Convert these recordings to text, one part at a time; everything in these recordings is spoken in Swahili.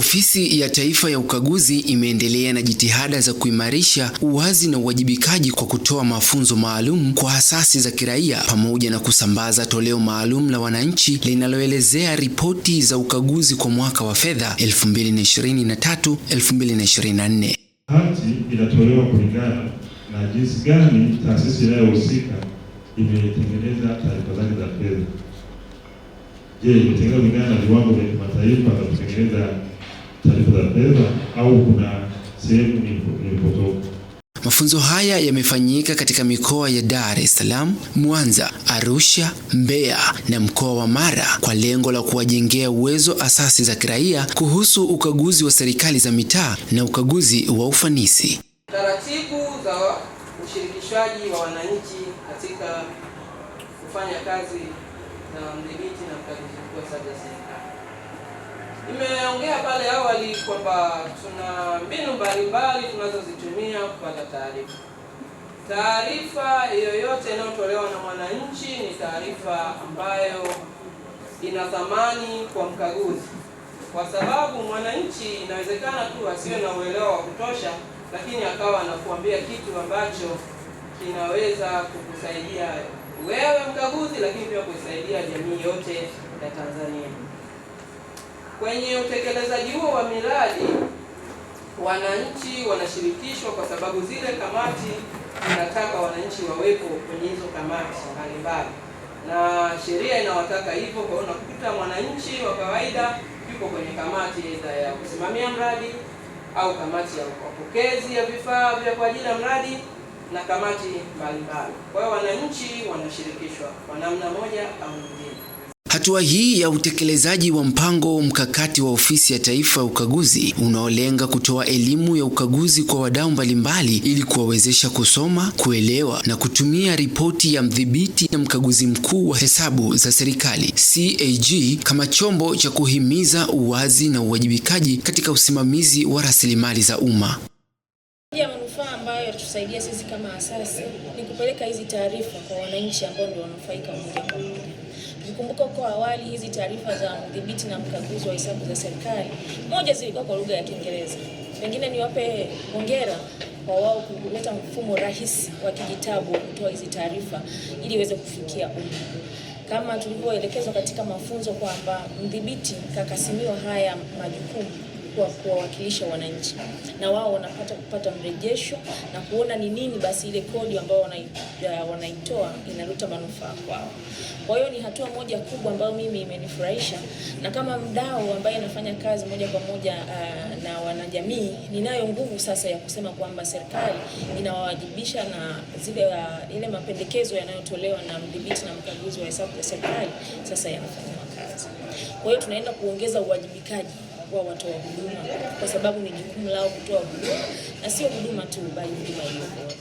Ofisi ya Taifa ya Ukaguzi imeendelea na jitihada za kuimarisha uwazi na uwajibikaji kwa kutoa mafunzo maalum kwa asasi za kiraia pamoja na kusambaza toleo maalum la wananchi linaloelezea ripoti za ukaguzi kwa mwaka wa fedha 2023 2024. Hati inatolewa kulingana na jinsi gani taasisi inayohusika imetengeneza taarifa zake za fedha. Je, imetengeneza kulingana na viwango vya kimataifa na kutengeneza taifa la fedha au kuna sehemu nilipotoka. Mafunzo haya yamefanyika katika mikoa ya Dar es Salaam, Mwanza, Arusha, Mbeya na mkoa wa Mara kwa lengo la kuwajengea uwezo asasi za kiraia kuhusu ukaguzi wa serikali za mitaa na ukaguzi wa ufanisi. Taratibu za ushirikishwaji wa wananchi katika kufanya kazi na mdhibiti na mkaguzi mkuu wa serikali. Nimeongea pale awali kwamba tuna mbinu mbalimbali tunazozitumia kupata taarifa. Taarifa yoyote inayotolewa na mwananchi ni taarifa ambayo ina thamani kwa mkaguzi, kwa sababu mwananchi inawezekana tu asiwe na uelewa wa kutosha, lakini akawa anakuambia kitu ambacho kinaweza kukusaidia wewe mkaguzi, lakini pia kuisaidia jamii yote ya Tanzania. Kwenye utekelezaji huo wa miradi, wananchi wanashirikishwa kwa sababu zile kamati zinataka wananchi wawepo kwenye hizo kamati mbalimbali, na sheria inawataka hivyo. Kwa hiyo unakuta mwananchi wa kawaida yuko kwenye kamati aidha ya kusimamia mradi au kamati ya mapokezi ya vifaa vya kwa ajili ya mradi na kamati mbalimbali. Kwa hiyo wananchi wanashirikishwa kwa namna moja au nyingine. Hatua hii ya utekelezaji wa mpango mkakati wa Ofisi ya Taifa ya Ukaguzi unaolenga kutoa elimu ya ukaguzi kwa wadau mbalimbali ili kuwawezesha kusoma, kuelewa na kutumia ripoti ya mdhibiti na mkaguzi mkuu wa hesabu za serikali CAG kama chombo cha kuhimiza uwazi na uwajibikaji katika usimamizi wa rasilimali za umma. Ya manufaa ambayo yatusaidia sisi kama asasi ni kupeleka hizi taarifa kwa wananchi ambao ndio wanufaika moja kwa moja kumbuka kwa awali hizi taarifa za mdhibiti na mkaguzi wa hesabu za serikali, moja zilikuwa kwa lugha ya Kiingereza. Pengine niwape hongera kwa wao kuleta mfumo rahisi wa kijitabu kutoa hizi taarifa ili iweze kufikia umma kama tulivyoelekezwa katika mafunzo kwamba mdhibiti kakasimiwa haya majukumu kwa kuwawakilisha wananchi, na wao wanapata kupata mrejesho na kuona ni nini basi ile kodi ambayo wanaitoa inaleta manufaa kwao. Kwa hiyo ni hatua moja kubwa ambayo mimi imenifurahisha, na kama mdau ambaye anafanya kazi moja kwa moja uh, na wanajamii, ninayo nguvu sasa ya kusema kwamba serikali inawawajibisha na zile uh, ile mapendekezo yanayotolewa na mdhibiti na mkaguzi wa hesabu za serikali sasa yanafanywa kazi. Kwa hiyo tunaenda kuongeza uwajibikaji kuwa watoa huduma, kwa sababu ni jukumu lao kutoa huduma na sio huduma tu, bali huduma hiyo bora.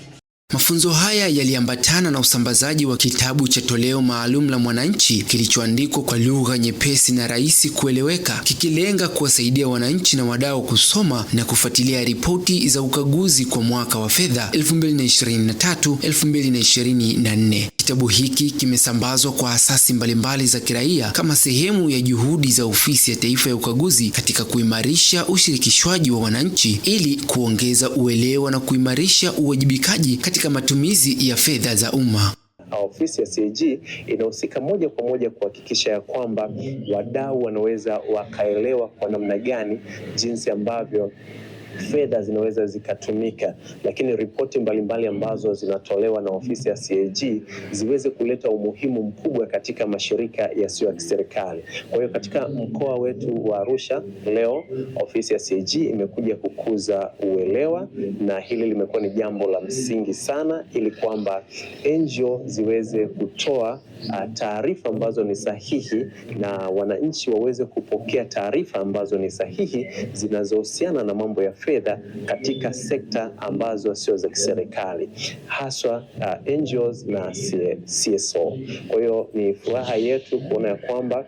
Mafunzo haya yaliambatana na usambazaji wa kitabu cha toleo maalum la Mwananchi kilichoandikwa kwa lugha nyepesi na rahisi kueleweka, kikilenga kuwasaidia wananchi na wadau kusoma na kufuatilia ripoti za ukaguzi kwa mwaka wa fedha 2023/2024. Kitabu hiki kimesambazwa kwa asasi mbalimbali za kiraia kama sehemu ya juhudi za Ofisi ya Taifa ya Ukaguzi katika kuimarisha ushirikishwaji wa wananchi ili kuongeza uelewa na kuimarisha uwajibikaji katika matumizi ya fedha za umma. Ofisi ya CAG inahusika moja kwa moja kuhakikisha ya kwamba wadau wanaweza wakaelewa kwa namna gani jinsi ambavyo fedha zinaweza zikatumika, lakini ripoti mbalimbali ambazo zinatolewa na ofisi ya CAG ziweze kuleta umuhimu mkubwa katika mashirika yasiyo ya kiserikali. Kwa hiyo katika mkoa wetu wa Arusha leo ofisi ya CAG imekuja kukuza uelewa, na hili limekuwa ni jambo la msingi sana, ili kwamba NGO ziweze kutoa uh, taarifa ambazo ni sahihi na wananchi waweze kupokea taarifa ambazo ni sahihi zinazohusiana na mambo ya fedha katika sekta ambazo sio za kiserikali haswa uh, NGOs na CSO. Kwa hiyo ni furaha yetu kuona ya kwamba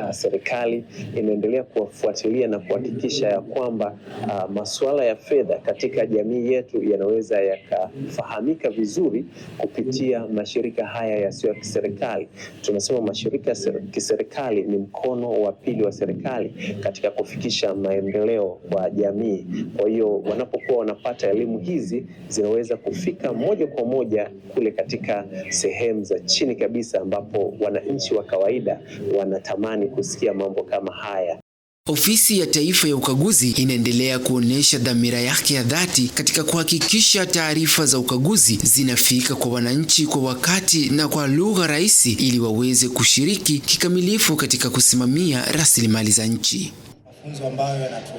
uh, serikali inaendelea kuwafuatilia na kuhakikisha ya kwamba uh, masuala ya fedha katika jamii yetu yanaweza yakafahamika vizuri kupitia mashirika haya yasiyo ya kiserikali. Tunasema mashirika ya kiserikali ni mkono wa pili wa serikali katika kufikisha maendeleo kwa jamii kwa hiyo wanapokuwa wanapata elimu hizi zinaweza kufika moja kwa moja kule katika sehemu za chini kabisa, ambapo wananchi wa kawaida wanatamani kusikia mambo kama haya. Ofisi ya Taifa ya Ukaguzi inaendelea kuonyesha dhamira yake ya dhati katika kuhakikisha taarifa za ukaguzi zinafika kwa wananchi kwa wakati na kwa lugha rahisi ili waweze kushiriki kikamilifu katika kusimamia rasilimali za nchi. Mafunzo ambayo yanatu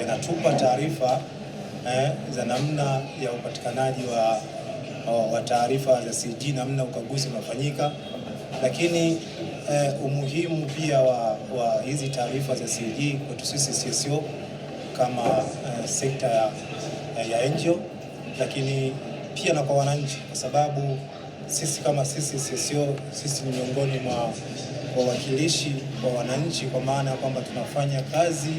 yanatupa taarifa eh, za namna ya upatikanaji wa, wa, wa taarifa za CG, namna ukaguzi unafanyika, lakini eh, umuhimu pia wa, wa hizi taarifa za CG kwetu sisi CSO kama eh, sekta ya, eh, ya NGO, lakini pia na kwa wananchi, kwa sababu sisi kama sisi CSO sisi ni miongoni mwa wawakilishi wa wananchi, kwa maana ya kwamba tunafanya kazi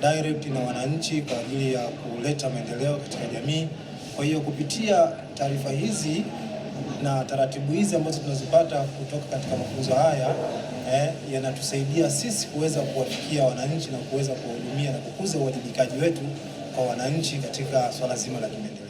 direct na wananchi kwa ajili ya kuleta maendeleo katika jamii. Kwa hiyo kupitia taarifa hizi na taratibu hizi ambazo tunazipata kutoka katika mafunzo haya eh, yanatusaidia sisi kuweza kuwafikia wananchi na kuweza kuwahudumia na kukuza uwajibikaji wetu kwa wananchi katika swala zima la kimaendeleo.